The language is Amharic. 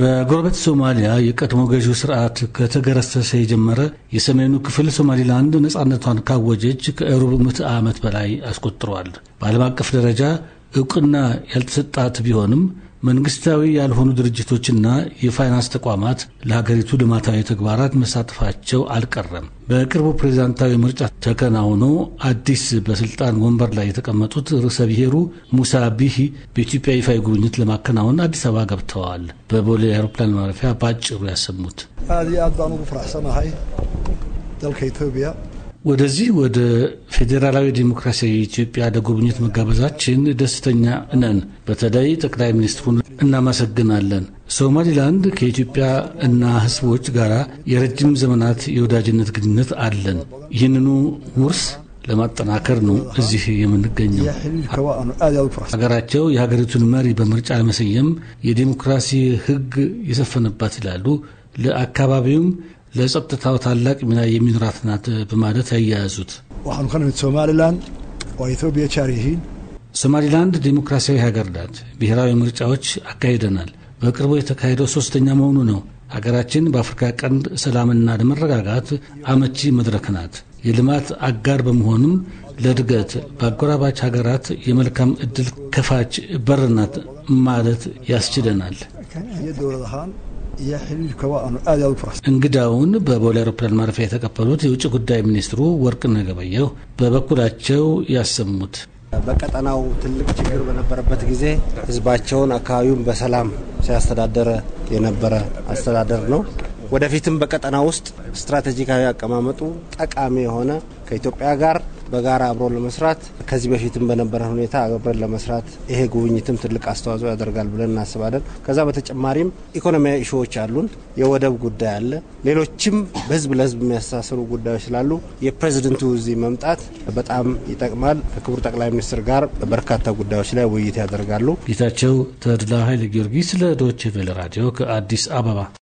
በጎረቤት ሶማሊያ የቀድሞ ገዢው ስርዓት ከተገረሰሰ የጀመረ የሰሜኑ ክፍል ሶማሊላንድ ነፃነቷን ካወጀች ከሩብ ምዕተ ዓመት በላይ አስቆጥሯል። በዓለም አቀፍ ደረጃ እውቅና ያልተሰጣት ቢሆንም መንግስታዊ ያልሆኑ ድርጅቶችና የፋይናንስ ተቋማት ለሀገሪቱ ልማታዊ ተግባራት መሳተፋቸው አልቀረም። በቅርቡ ፕሬዚዳንታዊ ምርጫ ተከናውኖ አዲስ በስልጣን ወንበር ላይ የተቀመጡት ርዕሰ ብሔሩ ሙሳ ቢሂ በኢትዮጵያ ይፋዊ ጉብኝት ለማከናወን አዲስ አበባ ገብተዋል። በቦሌ አውሮፕላን ማረፊያ በአጭሩ ያሰሙት ወደዚህ ወደ ፌዴራላዊ ዲሞክራሲያዊ ኢትዮጵያ ለጉብኝት መጋበዛችን ደስተኛ ነን። በተለይ ጠቅላይ ሚኒስትሩን እናመሰግናለን። ሶማሊላንድ ከኢትዮጵያ እና ሕዝቦች ጋር የረጅም ዘመናት የወዳጅነት ግንኙነት አለን። ይህንኑ ውርስ ለማጠናከር ነው እዚህ የምንገኘው። ሀገራቸው የሀገሪቱን መሪ በምርጫ ለመሰየም የዲሞክራሲ ሕግ የሰፈነባት ይላሉ። ለአካባቢውም ለጸጥታው ታላቅ ሚና የሚኖራት ናት በማለት ያያያዙት waxaanu ka nimid somalilan oo ay jaar yihiin ይሂን ሶማሊላንድ ዴሞክራሲያዊ ሀገር ናት። ብሔራዊ ምርጫዎች አካሂደናል። በቅርቡ የተካሄደው ሶስተኛ መሆኑ ነው። ሀገራችን በአፍሪካ ቀንድ ሰላምና ለመረጋጋት አመቺ መድረክ ናት። የልማት አጋር በመሆኑም ለድገት በአጎራባች ሀገራት የመልካም እድል ከፋች በር ናት ማለት ያስችለናል። እንግዳውን በቦሌ አውሮፕላን ማረፊያ የተቀበሉት የውጭ ጉዳይ ሚኒስትሩ ወርቅነህ ገበየሁ በበኩላቸው ያሰሙት በቀጠናው ትልቅ ችግር በነበረበት ጊዜ ህዝባቸውን አካባቢውን በሰላም ሲያስተዳደረ የነበረ አስተዳደር ነው። ወደፊትም በቀጠና ውስጥ ስትራቴጂካዊ አቀማመጡ ጠቃሚ የሆነ ከኢትዮጵያ ጋር በጋራ አብሮ ለመስራት ከዚህ በፊትም በነበረ ሁኔታ አብረን ለመስራት ይሄ ጉብኝትም ትልቅ አስተዋጽኦ ያደርጋል ብለን እናስባለን። ከዛ በተጨማሪም ኢኮኖሚያዊ እሾዎች አሉን። የወደብ ጉዳይ አለ። ሌሎችም በህዝብ ለህዝብ የሚያስተሳስሩ ጉዳዮች ስላሉ የፕሬዚደንቱ እዚህ መምጣት በጣም ይጠቅማል። ከክቡር ጠቅላይ ሚኒስትር ጋር በርካታ ጉዳዮች ላይ ውይይት ያደርጋሉ። ጌታቸው ተድላ ኃይለ ጊዮርጊስ ለዶይቼ ቬለ ራዲዮ ከአዲስ አበባ